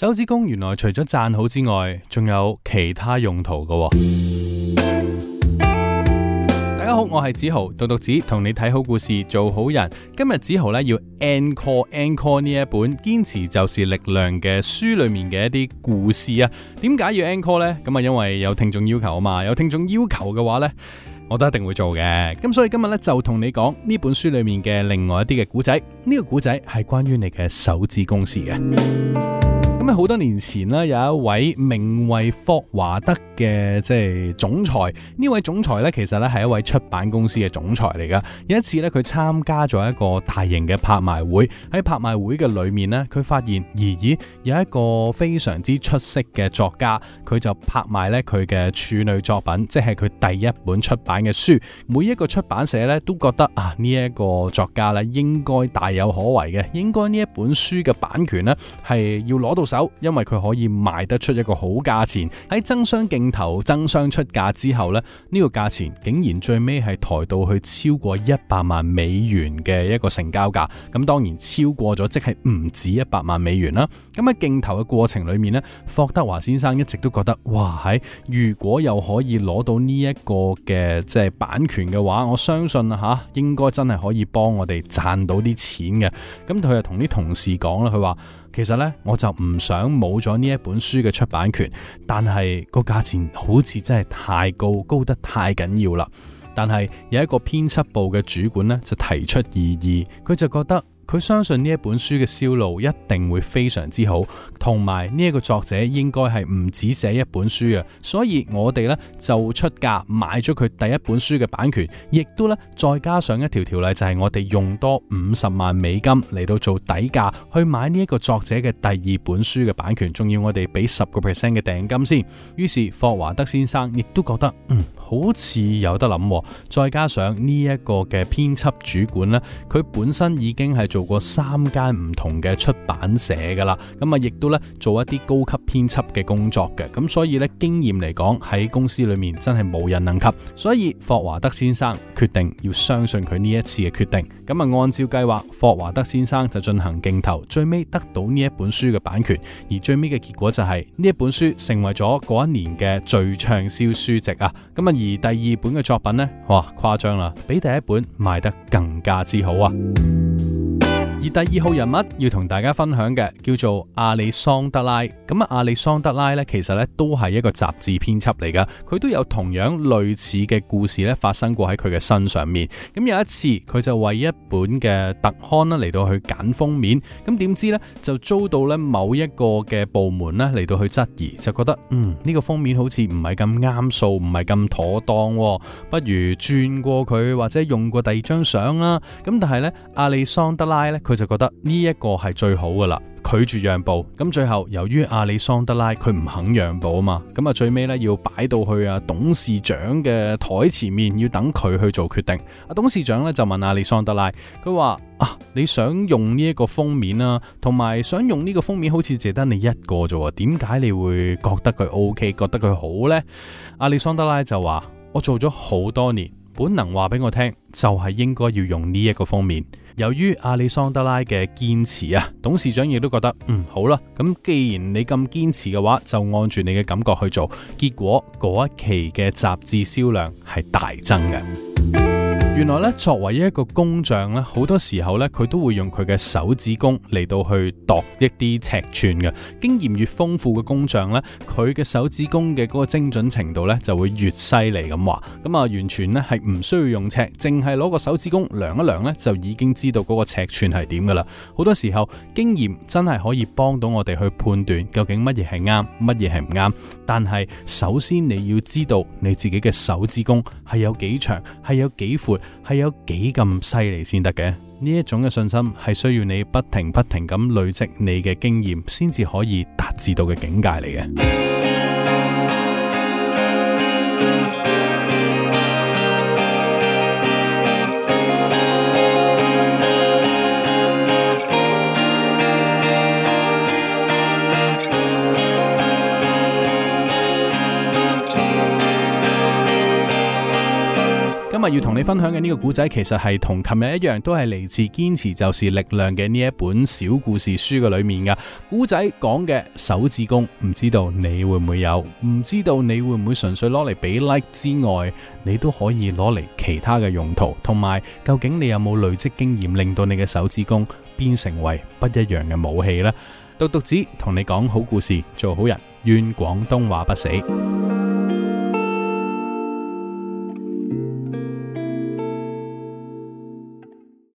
手指公原來除咗讚好之外，仲有其他用途㗎喎。大家好，我係子豪，獨讀子同你睇好故事，做好人。今日子豪咧要 Encore Encore 呢一本《堅持就是力量》嘅書裏面嘅一啲故事啊。點解要 Encore 呢？咁啊，因為有聽眾要求啊嘛。有聽眾要求嘅話呢，我都一定會做嘅。咁所以今日咧就同你講呢本書裏面嘅另外一啲嘅故仔。呢個故仔係關於你嘅手指公事嘅。咁好多年前咧，有一位名為霍華德嘅即係總裁。呢位總裁咧，其實咧係一位出版公司嘅總裁嚟噶。有一次咧，佢參加咗一個大型嘅拍賣會，喺拍賣會嘅裏面咧，佢發現咦咦，有一個非常之出色嘅作家，佢就拍賣咧佢嘅處女作品，即係佢第一本出版嘅書，每一個出版社咧都覺得啊，呢一個作家咧應該大有可為嘅，應該呢一本書嘅版權咧係要攞到，因為佢可以賣得出一個好價錢，喺爭相競投、爭相出價之後咧，呢個價錢竟然最尾係抬到去超過一百萬美元嘅一個成交價，咁當然超過咗，即係唔止一百萬美元啦。咁喺競投嘅過程裏面呢，霍德華先生一直都覺得，哇喺，如果又可以攞到呢一個嘅即係版權嘅話，我相信吓應該真係可以幫我哋賺到啲錢嘅。咁佢又同啲同事講啦，佢話。其實呢，我就唔想冇咗呢一本書嘅出版權，但係個價錢好似真係太高，高得太緊要啦。但係有一個編輯部嘅主管呢，就提出異議，佢就覺得。佢相信呢一本書嘅銷路一定會非常之好，同埋呢一個作者應該係唔止寫一本書啊，所以我哋咧就出價買咗佢第一本書嘅版權，亦都咧再加上一條條例，就係我哋用多五十萬美金嚟到做底價去買呢一個作者嘅第二本書嘅版權，仲要我哋俾十個 percent 嘅訂金先。於是霍華德先生亦都覺得，嗯，好似有得諗，哦。再加上呢一個嘅編輯主管咧，佢本身已經係做。做過三間唔同嘅出版社噶啦，咁啊，亦都咧做一啲高級編輯嘅工作嘅，咁所以咧經驗嚟講喺公司裏面真係冇人能及。所以霍華德先生決定要相信佢呢一次嘅決定。咁啊，按照計劃，霍華德先生就進行競投，最尾得到呢一本書嘅版權。而最尾嘅結果就係呢一本書成為咗嗰一年嘅最暢銷書籍啊。咁啊，而第二本嘅作品呢，哇誇張啦，比第一本賣得更加之好啊！第二號人物要同大家分享嘅叫做阿里桑德拉，咁啊阿里桑德拉呢，其實呢都係一個雜誌編輯嚟噶，佢都有同樣類似嘅故事呢發生過喺佢嘅身上面。咁有一次佢就為一本嘅特刊啦嚟到去揀封面，咁點知呢，就遭到呢某一個嘅部門呢嚟到去質疑，就覺得嗯呢、這個封面好似唔係咁啱數，唔係咁妥當，不如轉過佢或者用過第二張相啦。咁但係呢，阿里桑德拉呢，佢。就覺得呢一個係最好噶啦，拒絕讓步。咁最後由於阿里桑德拉佢唔肯讓步啊嘛，咁啊最尾呢要擺到去啊董事長嘅台前面，要等佢去做決定。阿董事長呢就問阿里桑德拉，佢話啊你想用呢一個封面啦，啊，同埋想用呢個封面好似借得你一個啫喎，點解你會覺得佢 OK，覺得佢好呢？阿里桑德拉就話我做咗好多年，本能話俾我聽，就係、是、應該要用呢一個封面。由於阿里桑德拉嘅堅持啊，董事長亦都覺得，嗯好啦，咁既然你咁堅持嘅話，就按住你嘅感覺去做，結果嗰一期嘅雜誌銷量係大增嘅。原來咧，作為一個工匠咧，好多時候咧，佢都會用佢嘅手指公嚟到去度一啲尺寸嘅。經驗越豐富嘅工匠咧，佢嘅手指公嘅嗰個精準程度咧，就會越犀利咁話。咁啊，完全咧係唔需要用尺，淨係攞個手指公量一量咧，就已經知道嗰個尺寸係點噶啦。好多時候，經驗真係可以幫到我哋去判斷究竟乜嘢係啱，乜嘢係唔啱。但係，首先你要知道你自己嘅手指公係有幾長，係有幾闊。係有幾咁犀利先得嘅？呢一種嘅信心係需要你不停不停咁累積你嘅經驗，先至可以達至到嘅境界嚟嘅。要同你分享嘅呢個古仔，其實係同琴日一樣，都係嚟自《堅持就是力量》嘅呢一本小故事書嘅裏面嘅。古仔講嘅手指公，唔知道你會唔會有，唔知道你會唔會純粹攞嚟俾 like 之外，你都可以攞嚟其他嘅用途。同埋，究竟你有冇累積經驗，令到你嘅手指公變成為不一樣嘅武器呢？獨讀子同你講好故事，做好人，願廣東話不死。